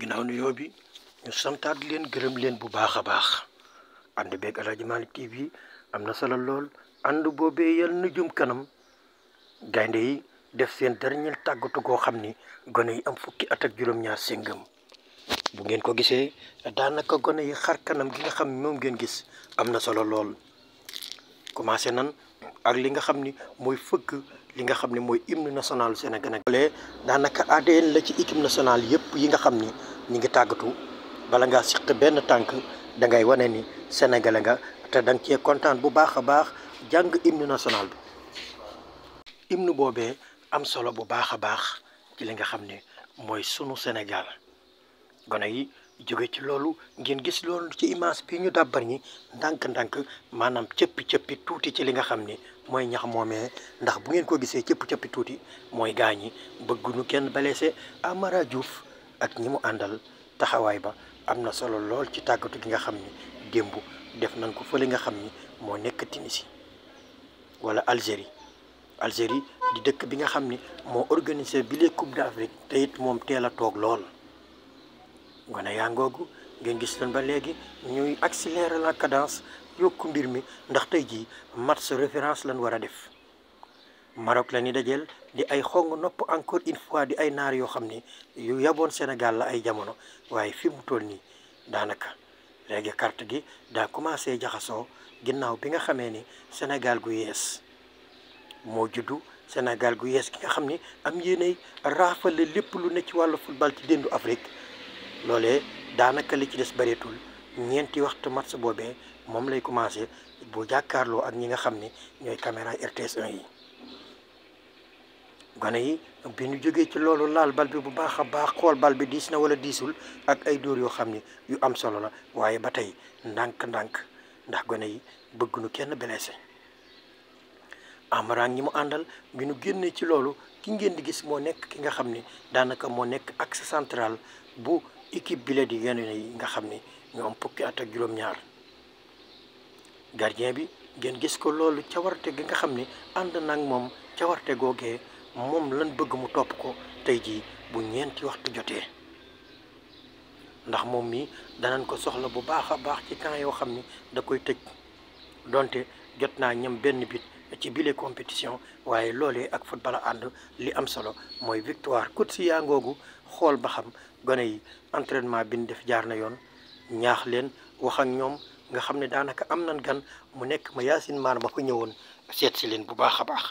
ginnaaw nu yoo bi ñu santaat leen gërëm leen bu baax a baax ànd beeg Aladji Malick TV am na solo lool ànd boobee yal na jum kanam gaynde yi def seen dernier tàggatu goo xam ni gone yi am fukki at ak juróom-ñaar séngam bu ngeen ko gisee daanaka gone yi xar kanam gi nga xam ni moom ngeen gis am na solo lool commencé nan ak li nga xam ni mooy fëgg li nga xam ne mooy hymne national Sénégal. daanaka ADN la ci équipe nationale yëpp yi nga xam ni. ñi ngi tàggatu bala nga siq benn tànk da ngay wane ni sénégalais nga te da nga cee kontaan bu baax a baax jàng hymne national bi hymne boobee am solo bu baax a baax ci li nga xam ne mooy sunu Sénégal gone yi jóge ci loolu ngeen gis loolu ci image bi ñu dàbbar ñi ndànk-ndànk maanaam cëpp cëppi tuuti ci li nga xam ni mooy ñax moomee ndax bu ngeen ko gisee cëpp cëppi tuuti mooy gaañi bëgguñu kenn blessé Amara Diouf ak ñi mu àndal taxawaay ba am na solo lool ci tàggatu gi nga xam ni démb def nañ ko fële nga xam ni moo nekk Tunisie wala Algérie Algérie di dëkk bi nga xam ni moo organisé bi les Coupe d'Afrique te moom teel a toog lool gone yaa ngoogu ngeen gis leen ba léegi ñuy accélérer la cadence yokk mbir mi ndax tey jii match référence lañ war a def Maroc la ñu dajeel di ay xong nopp encore une fois di ay naar yoo xam ni yu yaboon Sénégal la ay jamono waaye fi mu toll nii daanaka léegi carte gi daa commencé jaxasoo ginnaaw bi nga xamee ni Sénégal gu yees moo juddu Sénégal gu yees ki nga xam ni am yéenay raafale lépp lu ne ci wàllu football ci déndu Afrique loolee daanaka li ci des bareetul ñeenti waxtu match boobee moom lay commencé bu jàkkaarloo ak ñi nga xam ni ñooy caméra RTS yi. gone yi bi ñu jógee ci loolu laal bal bi bu baax a baax xool bal bi diis na wala diisul ak ay dóor yoo xam ni yu am solo la waaye ba tey ndànk-ndànk ndax gone yi bëggunu kenn blessé Amara ñi mu àndal bi ñu génnee ci loolu ki ngeen di gis moo nekk ki nga xam ni daanaka moo nekk axe central bu équipe bi la di gone yi nga xam ni ñoom am fukki at ak juróom-ñaar gardien bi ngeen gis ko loolu cawarte gi nga xam ni ànd nag moom cawarte googee moom lan bëgg mu topp ko tey jii bu ñeenti waxtu jotee ndax moom mi danañ ko soxla bu baax a baax ci temps yoo xam ni da koy tëj donte jot naa ñam benn bit ci bile compétition waaye loolee ak football ànd li am solo mooy victoire kut si yaa ngoogu xool ba xam gone yi entraînement bi ñu def jaar na yoon ñaax leen wax ak ñoom nga xam ne daanaka am na gan mu nekk ma yaasin maan ma ko ñëwoon seet si leen bu baax a baax